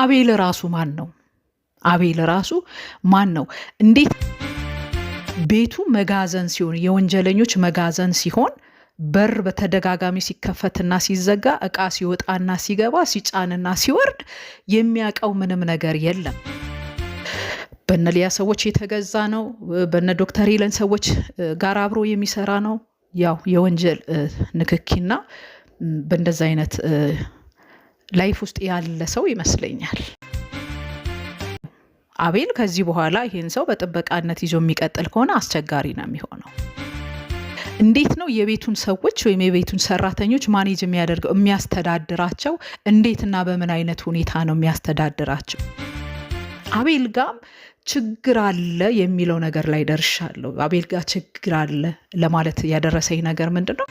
አቤል ራሱ ማን ነው? አቤል ራሱ ማን ነው? እንዴት ቤቱ መጋዘን ሲሆን የወንጀለኞች መጋዘን ሲሆን በር በተደጋጋሚ ሲከፈትና ሲዘጋ እቃ ሲወጣና ሲገባ ሲጫንና ሲወርድ የሚያውቀው ምንም ነገር የለም። በነ ሊያ ሰዎች የተገዛ ነው። በነ ዶክተር ሄለን ሰዎች ጋር አብሮ የሚሰራ ነው። ያው የወንጀል ንክኪና በእንደዚ አይነት ላይፍ ውስጥ ያለ ሰው ይመስለኛል። አቤል ከዚህ በኋላ ይህን ሰው በጥበቃነት ይዞ የሚቀጥል ከሆነ አስቸጋሪ ነው የሚሆነው። እንዴት ነው የቤቱን ሰዎች ወይም የቤቱን ሰራተኞች ማኔጅ የሚያደርገው? የሚያስተዳድራቸው እንዴትና በምን አይነት ሁኔታ ነው የሚያስተዳድራቸው? አቤል ጋም ችግር አለ የሚለው ነገር ላይ ደርሻለሁ። አቤል ጋር ችግር አለ ለማለት ያደረሰኝ ነገር ምንድን ነው?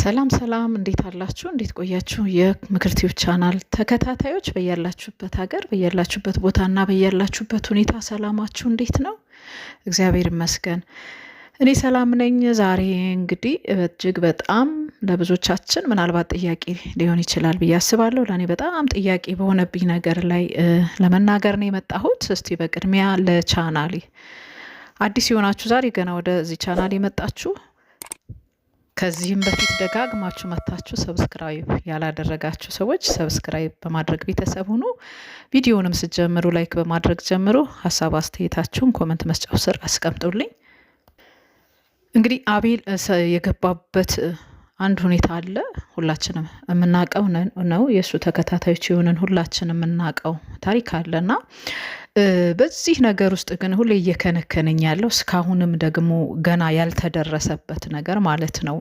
ሰላም ሰላም፣ እንዴት አላችሁ? እንዴት ቆያችሁ? የምክር ቲዩብ ቻናል ተከታታዮች በያላችሁበት ሀገር በያላችሁበት ቦታና በያላችሁበት ሁኔታ ሰላማችሁ እንዴት ነው? እግዚአብሔር ይመስገን እኔ ሰላም ነኝ። ዛሬ እንግዲህ እጅግ በጣም ለብዙዎቻችን ምናልባት ጥያቄ ሊሆን ይችላል ብዬ አስባለሁ። ለእኔ በጣም ጥያቄ በሆነብኝ ነገር ላይ ለመናገር ነው የመጣሁት። እስቲ በቅድሚያ ለቻናሌ አዲስ የሆናችሁ ዛሬ ገና ወደዚህ ቻናል የመጣችሁ ከዚህም በፊት ደጋግማችሁ መታችሁ ሰብስክራይብ ያላደረጋችሁ ሰዎች ሰብስክራይብ በማድረግ ቤተሰብ ሁኑ። ቪዲዮንም ስጀምሩ ላይክ በማድረግ ጀምሩ። ሀሳብ አስተያየታችሁን ኮመንት መስጫው ስር አስቀምጡልኝ። እንግዲህ አቤል የገባበት አንድ ሁኔታ አለ ሁላችንም የምናውቀው ነው። የእሱ ተከታታዮች የሆንን ሁላችን የምናውቀው ታሪክ አለ እና በዚህ ነገር ውስጥ ግን ሁሌ እየከነከነኝ ያለው እስካሁንም ደግሞ ገና ያልተደረሰበት ነገር ማለት ነው።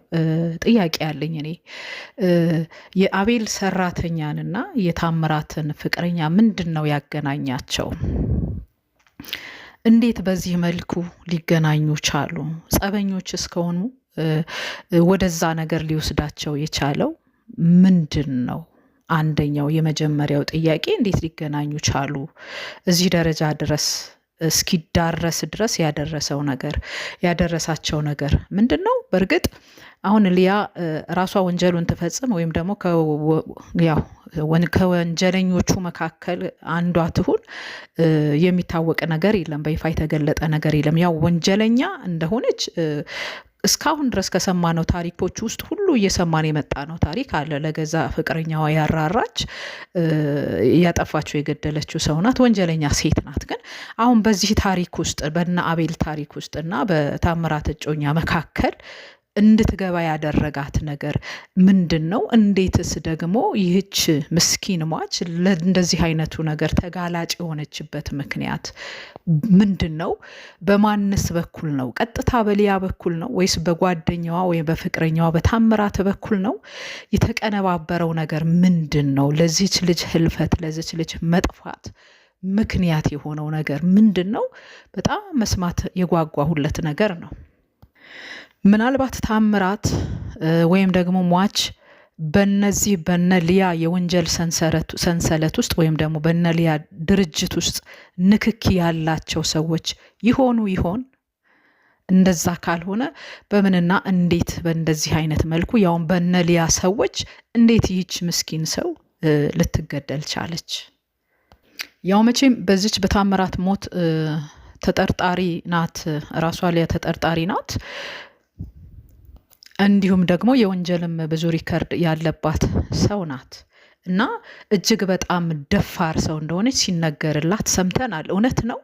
ጥያቄ ያለኝ እኔ የአቤል ሰራተኛንና የታምራትን ፍቅረኛ ምንድን ነው ያገናኛቸው? እንዴት በዚህ መልኩ ሊገናኙ ቻሉ? ጸበኞች እስከሆኑ ወደዛ ነገር ሊወስዳቸው የቻለው ምንድን ነው? አንደኛው የመጀመሪያው ጥያቄ እንዴት ሊገናኙ ቻሉ? እዚህ ደረጃ ድረስ እስኪዳረስ ድረስ ያደረሰው ነገር ያደረሳቸው ነገር ምንድን ነው? በእርግጥ አሁን ሊያ ራሷ ወንጀሉን ትፈጽም ወይም ደግሞ ያው ከወንጀለኞቹ መካከል አንዷ ትሁን የሚታወቅ ነገር የለም፣ በይፋ የተገለጠ ነገር የለም። ያው ወንጀለኛ እንደሆነች እስካሁን ድረስ ከሰማነው ታሪኮች ውስጥ ሁሉ እየሰማን የመጣ ነው ታሪክ አለ። ለገዛ ፍቅረኛዋ ያራራች እያጠፋችው የገደለችው ሰው ናት፣ ወንጀለኛ ሴት ናት። ግን አሁን በዚህ ታሪክ ውስጥ በነ አቤል ታሪክ ውስጥ እና በታምራት እጮኛ መካከል እንድትገባ ያደረጋት ነገር ምንድን ነው? እንዴትስ ደግሞ ይህች ምስኪን ሟች ለእንደዚህ አይነቱ ነገር ተጋላጭ የሆነችበት ምክንያት ምንድን ነው? በማንስ በኩል ነው? ቀጥታ በሊያ በኩል ነው ወይስ በጓደኛዋ ወይም በፍቅረኛዋ በታምራት በኩል ነው? የተቀነባበረው ነገር ምንድን ነው? ለዚች ልጅ ህልፈት፣ ለዚች ልጅ መጥፋት ምክንያት የሆነው ነገር ምንድን ነው? በጣም መስማት የጓጓሁለት ነገር ነው። ምናልባት ታምራት ወይም ደግሞ ሟች በነዚህ በነ ሊያ የወንጀል ሰንሰለት ውስጥ ወይም ደግሞ በነ ሊያ ድርጅት ውስጥ ንክኪ ያላቸው ሰዎች ይሆኑ ይሆን? እንደዛ ካልሆነ በምንና እንዴት በእንደዚህ አይነት መልኩ ያውም በነ ሊያ ሰዎች እንዴት ይህች ምስኪን ሰው ልትገደል ቻለች? ያው መቼም በዚች በታምራት ሞት ተጠርጣሪ ናት፣ ራሷ ሊያ ተጠርጣሪ ናት። እንዲሁም ደግሞ የወንጀልም ብዙ ሪከርድ ያለባት ሰው ናት እና እጅግ በጣም ደፋር ሰው እንደሆነች ሲነገርላት ሰምተናል። እውነት ነው።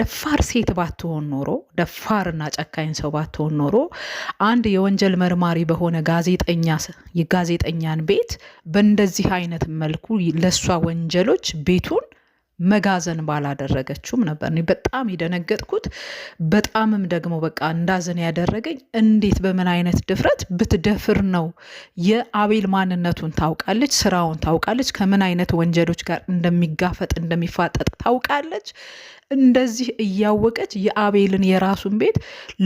ደፋር ሴት ባትሆን ኖሮ፣ ደፋርና ጨካኝ ሰው ባትሆን ኖሮ አንድ የወንጀል መርማሪ በሆነ ጋዜጠኛ የጋዜጠኛን ቤት በእንደዚህ አይነት መልኩ ለእሷ ወንጀሎች ቤቱን መጋዘን ባላደረገችውም ነበር። እኔ በጣም የደነገጥኩት በጣምም ደግሞ በቃ እንዳዘን ያደረገኝ እንዴት በምን አይነት ድፍረት ብትደፍር ነው? የአቤል ማንነቱን ታውቃለች፣ ስራውን ታውቃለች፣ ከምን አይነት ወንጀሎች ጋር እንደሚጋፈጥ እንደሚፋጠጥ ታውቃለች። እንደዚህ እያወቀች የአቤልን የራሱን ቤት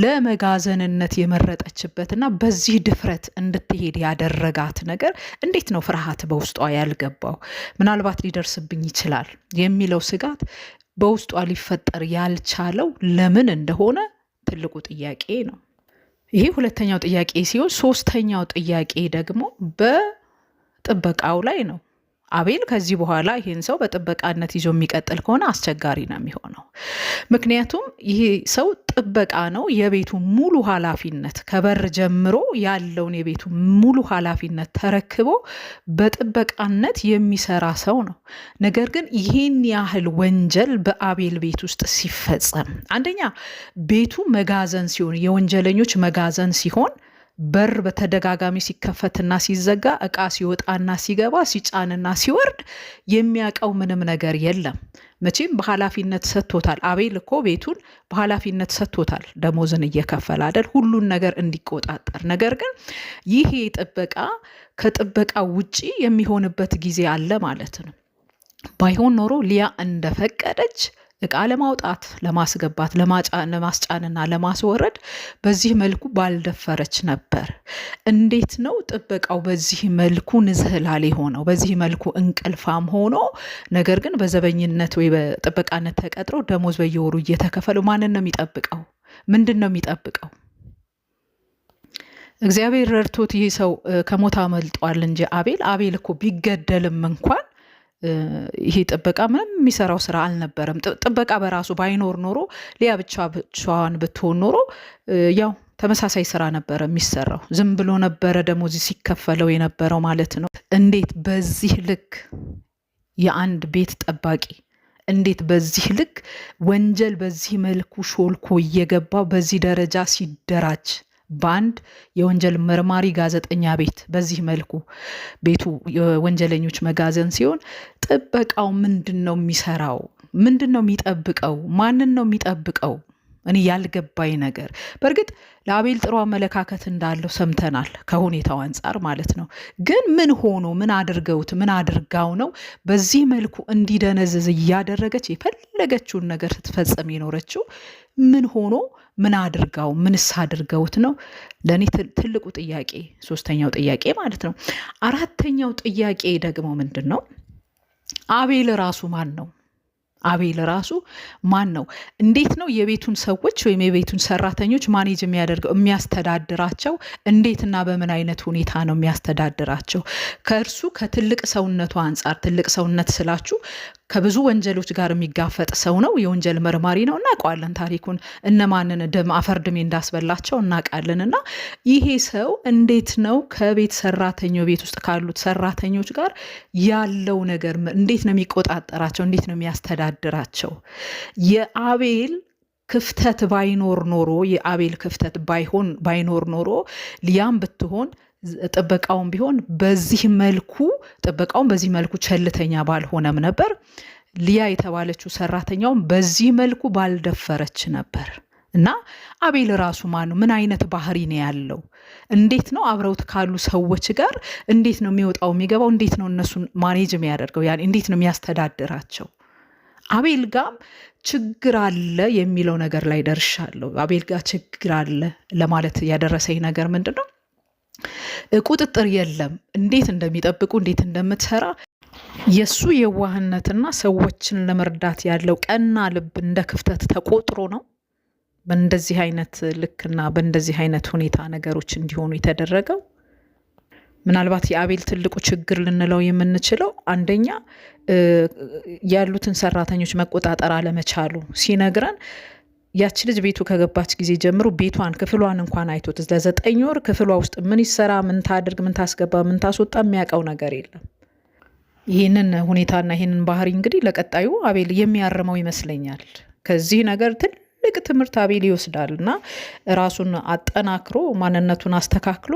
ለመጋዘንነት የመረጠችበትና በዚህ ድፍረት እንድትሄድ ያደረጋት ነገር እንዴት ነው ፍርሃት በውስጧ ያልገባው? ምናልባት ሊደርስብኝ ይችላል የሚ የሚለው ስጋት በውስጧ ሊፈጠር ያልቻለው ለምን እንደሆነ ትልቁ ጥያቄ ነው። ይሄ ሁለተኛው ጥያቄ ሲሆን ሶስተኛው ጥያቄ ደግሞ በጥበቃው ላይ ነው። አቤል ከዚህ በኋላ ይህን ሰው በጥበቃነት ይዞ የሚቀጥል ከሆነ አስቸጋሪ ነው የሚሆነው። ምክንያቱም ይሄ ሰው ጥበቃ ነው፣ የቤቱ ሙሉ ኃላፊነት ከበር ጀምሮ ያለውን የቤቱ ሙሉ ኃላፊነት ተረክቦ በጥበቃነት የሚሰራ ሰው ነው። ነገር ግን ይህን ያህል ወንጀል በአቤል ቤት ውስጥ ሲፈጸም አንደኛ ቤቱ መጋዘን ሲሆን የወንጀለኞች መጋዘን ሲሆን በር በተደጋጋሚ ሲከፈትና ሲዘጋ እቃ ሲወጣና ሲገባ ሲጫንና ሲወርድ የሚያውቀው ምንም ነገር የለም። መቼም በኃላፊነት ሰጥቶታል። አቤል እኮ ቤቱን በኃላፊነት ሰጥቶታል፣ ደሞዝን እየከፈለ አይደል ሁሉን ነገር እንዲቆጣጠር። ነገር ግን ይሄ ጥበቃ ከጥበቃ ውጪ የሚሆንበት ጊዜ አለ ማለት ነው። ባይሆን ኖሮ ሊያ እንደፈቀደች እቃ ለማውጣት ለማስገባት፣ ለማስጫንና ለማስወረድ በዚህ መልኩ ባልደፈረች ነበር። እንዴት ነው ጥበቃው በዚህ መልኩ ንዝህላል የሆነው? በዚህ መልኩ እንቅልፋም ሆኖ ነገር ግን በዘበኝነት ወይ በጥበቃነት ተቀጥሮ ደሞዝ በየወሩ እየተከፈሉ ማንን ነው የሚጠብቀው? ምንድን ነው የሚጠብቀው? እግዚአብሔር ረድቶት ይህ ሰው ከሞት አመልጧል እንጂ አቤል አቤል እኮ ቢገደልም እንኳን ይሄ ጥበቃ ምንም የሚሰራው ስራ አልነበረም። ጥበቃ በራሱ ባይኖር ኖሮ ሊያ ብቻ ብቻዋን ብትሆን ኖሮ ያው ተመሳሳይ ስራ ነበረ የሚሰራው። ዝም ብሎ ነበረ ደሞዝ ሲከፈለው የነበረው ማለት ነው። እንዴት በዚህ ልክ የአንድ ቤት ጠባቂ እንዴት በዚህ ልክ ወንጀል በዚህ መልኩ ሾልኮ እየገባ በዚህ ደረጃ ሲደራጅ በአንድ የወንጀል መርማሪ ጋዜጠኛ ቤት በዚህ መልኩ ቤቱ የወንጀለኞች መጋዘን ሲሆን ጥበቃው ምንድን ነው የሚሰራው? ምንድን ነው የሚጠብቀው? ማንን ነው የሚጠብቀው? እኔ ያልገባኝ ነገር በእርግጥ ለአቤል ጥሩ አመለካከት እንዳለው ሰምተናል፣ ከሁኔታው አንጻር ማለት ነው። ግን ምን ሆኖ ምን አድርገውት ምን አድርጋው ነው በዚህ መልኩ እንዲደነዝዝ እያደረገች የፈለገችውን ነገር ስትፈጸም የኖረችው? ምን ሆኖ ምን አድርጋው ምንስ አድርገውት ነው? ለእኔ ትልቁ ጥያቄ ሶስተኛው ጥያቄ ማለት ነው። አራተኛው ጥያቄ ደግሞ ምንድን ነው አቤል ራሱ ማን ነው? አቤል ራሱ ማን ነው? እንዴት ነው የቤቱን ሰዎች ወይም የቤቱን ሰራተኞች ማኔጅ የሚያደርገው? የሚያስተዳድራቸው እንዴትና በምን አይነት ሁኔታ ነው የሚያስተዳድራቸው? ከእርሱ ከትልቅ ሰውነቱ አንጻር ትልቅ ሰውነት ስላችሁ ከብዙ ወንጀሎች ጋር የሚጋፈጥ ሰው ነው። የወንጀል መርማሪ ነው። እናውቀዋለን ታሪኩን፣ እነማንን ደም አፈር ድሜ እንዳስበላቸው እናውቃለን። እና ይሄ ሰው እንዴት ነው ከቤት ሰራተኞ ቤት ውስጥ ካሉት ሰራተኞች ጋር ያለው ነገር እንዴት ነው የሚቆጣጠራቸው? እንዴት ነው የሚያስተዳድራቸው? የአቤል ክፍተት ባይኖር ኖሮ የአቤል ክፍተት ባይሆን ባይኖር ኖሮ ሊያም ብትሆን ጥበቃውም ቢሆን በዚህ መልኩ ጥበቃውም በዚህ መልኩ ቸልተኛ ባልሆነም ነበር። ሊያ የተባለችው ሰራተኛውም በዚህ መልኩ ባልደፈረች ነበር። እና አቤል ራሱ ማን ነው? ምን አይነት ባህሪ ነው ያለው? እንዴት ነው አብረውት ካሉ ሰዎች ጋር እንዴት ነው የሚወጣው የሚገባው? እንዴት ነው እነሱን ማኔጅ የሚያደርገው? ያ እንዴት ነው የሚያስተዳድራቸው? አቤል ጋም ችግር አለ የሚለው ነገር ላይ ደርሻለሁ። አቤል ጋር ችግር አለ ለማለት ያደረሰኝ ነገር ምንድን ነው? ቁጥጥር የለም። እንዴት እንደሚጠብቁ እንዴት እንደምትሰራ የእሱ የዋህነትና ሰዎችን ለመርዳት ያለው ቀና ልብ እንደ ክፍተት ተቆጥሮ ነው በእንደዚህ አይነት ልክና በእንደዚህ አይነት ሁኔታ ነገሮች እንዲሆኑ የተደረገው። ምናልባት የአቤል ትልቁ ችግር ልንለው የምንችለው አንደኛ ያሉትን ሰራተኞች መቆጣጠር አለመቻሉ ሲነግረን ያቺ ልጅ ቤቱ ከገባች ጊዜ ጀምሮ ቤቷን ክፍሏን እንኳን አይቶት ለዘጠኝ ወር ክፍሏ ውስጥ ምን ይሰራ፣ ምን ታድርግ፣ ምን ታስገባ፣ ምን ታስወጣ የሚያውቀው ነገር የለም። ይህንን ሁኔታና ይህንን ባህሪ እንግዲህ ለቀጣዩ አቤል የሚያርመው ይመስለኛል። ከዚህ ነገር ትልቅ ትምህርት አቤል ይወስዳል እና ራሱን አጠናክሮ ማንነቱን አስተካክሎ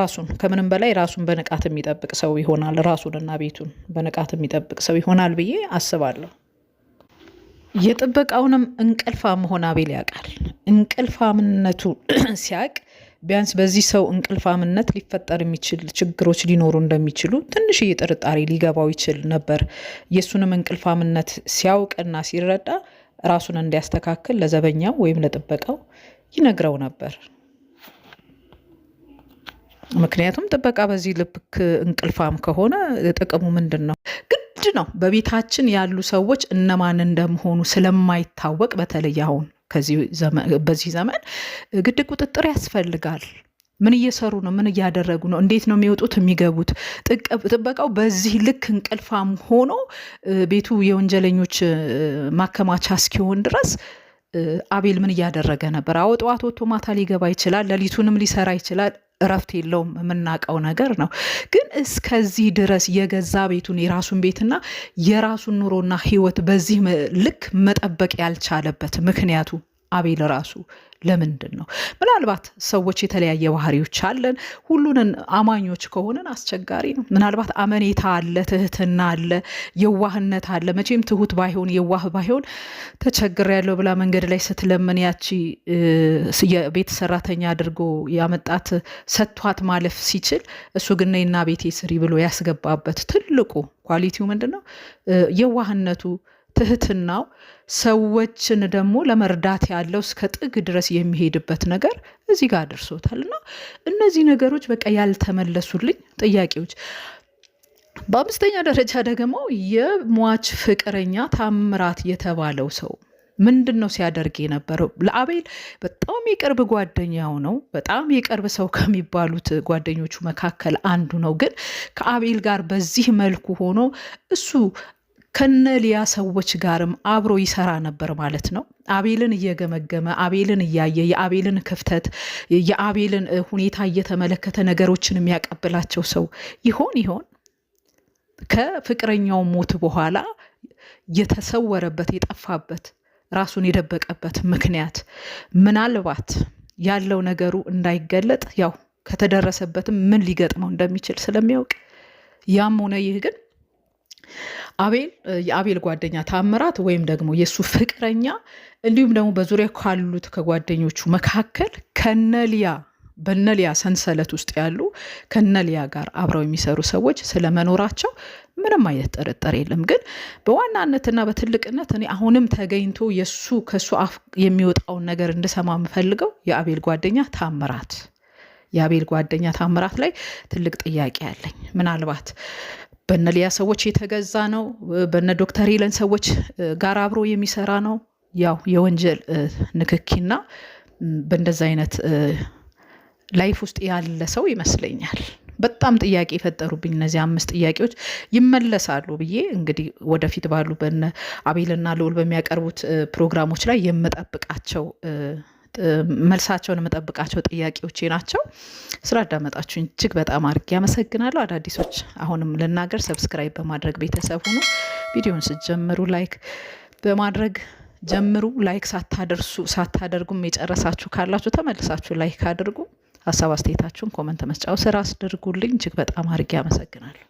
ራሱን ከምንም በላይ ራሱን በንቃት የሚጠብቅ ሰው ይሆናል። ራሱንና ቤቱን በንቃት የሚጠብቅ ሰው ይሆናል ብዬ አስባለሁ። የጥበቃውንም እንቅልፋም መሆን አቤል ያውቃል። እንቅልፋምነቱ ሲያውቅ ቢያንስ በዚህ ሰው እንቅልፋምነት ሊፈጠር የሚችል ችግሮች ሊኖሩ እንደሚችሉ ትንሽ ጥርጣሬ ሊገባው ይችል ነበር። የእሱንም እንቅልፋምነት ሲያውቅና ሲረዳ ራሱን እንዲያስተካክል ለዘበኛው ወይም ለጥበቃው ይነግረው ነበር። ምክንያቱም ጥበቃ በዚህ ልክ እንቅልፋም ከሆነ ጥቅሙ ምንድን ነው? ግድ ነው። በቤታችን ያሉ ሰዎች እነማን እንደመሆኑ ስለማይታወቅ በተለይ አሁን በዚህ ዘመን ግድ ቁጥጥር ያስፈልጋል። ምን እየሰሩ ነው? ምን እያደረጉ ነው? እንዴት ነው የሚወጡት የሚገቡት? ጥበቃው በዚህ ልክ እንቅልፋም ሆኖ ቤቱ የወንጀለኞች ማከማቻ እስኪሆን ድረስ አቤል ምን እያደረገ ነበር? አዎ ጠዋት ወጥቶ ማታ ሊገባ ይችላል። ሌሊቱንም ሊሰራ ይችላል። እረፍት የለውም የምናውቀው ነገር ነው። ግን እስከዚህ ድረስ የገዛ ቤቱን የራሱን ቤትና የራሱን ኑሮና ህይወት በዚህ ልክ መጠበቅ ያልቻለበት ምክንያቱ አቤል ራሱ ለምንድን ነው? ምናልባት ሰዎች የተለያየ ባህሪዎች አለን። ሁሉንን አማኞች ከሆንን አስቸጋሪ ነው። ምናልባት አመኔታ አለ፣ ትህትና አለ፣ የዋህነት አለ። መቼም ትሁት ባይሆን የዋህ ባይሆን ተቸግር ያለው ብላ መንገድ ላይ ስትለምን ያቺ የቤት ሰራተኛ አድርጎ ያመጣት ሰጥቷት ማለፍ ሲችል እሱ ግን ነይና ቤቴ ስሪ ብሎ ያስገባበት ትልቁ ኳሊቲው ምንድን ነው? የዋህነቱ ትህትናው ሰዎችን ደግሞ ለመርዳት ያለው እስከ ጥግ ድረስ የሚሄድበት ነገር እዚህ ጋር አድርሶታል። እና እነዚህ ነገሮች በቃ ያልተመለሱልኝ ጥያቄዎች በአምስተኛ ደረጃ ደግሞ የሟች ፍቅረኛ ታምራት የተባለው ሰው ምንድን ነው ሲያደርግ የነበረው? ለአቤል በጣም የቅርብ ጓደኛው ነው። በጣም የቅርብ ሰው ከሚባሉት ጓደኞቹ መካከል አንዱ ነው። ግን ከአቤል ጋር በዚህ መልኩ ሆኖ እሱ ከነ ሊያ ሰዎች ጋርም አብሮ ይሰራ ነበር ማለት ነው። አቤልን እየገመገመ አቤልን እያየ የአቤልን ክፍተት የአቤልን ሁኔታ እየተመለከተ ነገሮችን የሚያቀብላቸው ሰው ይሆን ይሆን? ከፍቅረኛው ሞት በኋላ የተሰወረበት የጠፋበት ራሱን የደበቀበት ምክንያት ምናልባት ያለው ነገሩ እንዳይገለጥ ያው ከተደረሰበትም ምን ሊገጥመው እንደሚችል ስለሚያውቅ ያም ሆነ ይህ ግን አቤል የአቤል ጓደኛ ታምራት ወይም ደግሞ የእሱ ፍቅረኛ እንዲሁም ደግሞ በዙሪያ ካሉት ከጓደኞቹ መካከል ከነሊያ በነሊያ ሰንሰለት ውስጥ ያሉ ከነሊያ ጋር አብረው የሚሰሩ ሰዎች ስለመኖራቸው ምንም አይነት ጥርጥር የለም። ግን በዋናነትና በትልቅነት እኔ አሁንም ተገኝቶ የሱ ከሱ አፍ የሚወጣውን ነገር እንድሰማ የምፈልገው የአቤል ጓደኛ ታምራት የአቤል ጓደኛ ታምራት ላይ ትልቅ ጥያቄ አለኝ። ምናልባት በነ ሊያ ሰዎች የተገዛ ነው። በነ ዶክተር ሄለን ሰዎች ጋር አብሮ የሚሰራ ነው። ያው የወንጀል ንክኪና በእንደዚ አይነት ላይፍ ውስጥ ያለ ሰው ይመስለኛል። በጣም ጥያቄ የፈጠሩብኝ እነዚህ አምስት ጥያቄዎች ይመለሳሉ ብዬ እንግዲህ ወደፊት ባሉ በነ አቤልና ልዑል በሚያቀርቡት ፕሮግራሞች ላይ የምጠብቃቸው መልሳቸውን የምጠብቃቸው ጥያቄዎቼ ናቸው። ስላዳመጣችሁኝ እጅግ በጣም አድርጌ ያመሰግናለሁ። አዳዲሶች አሁንም ልናገር፣ ሰብስክራይብ በማድረግ ቤተሰብ ሁኑ። ቪዲዮን ስጀምሩ ላይክ በማድረግ ጀምሩ። ላይክ ሳታደርሱ ሳታደርጉም የጨረሳችሁ ካላችሁ ተመልሳችሁ ላይክ አድርጉ። ሀሳብ አስተያየታችሁን ኮመንት መስጫው ስራ አስደርጉልኝ። እጅግ በጣም አድርጌ አመሰግናለሁ።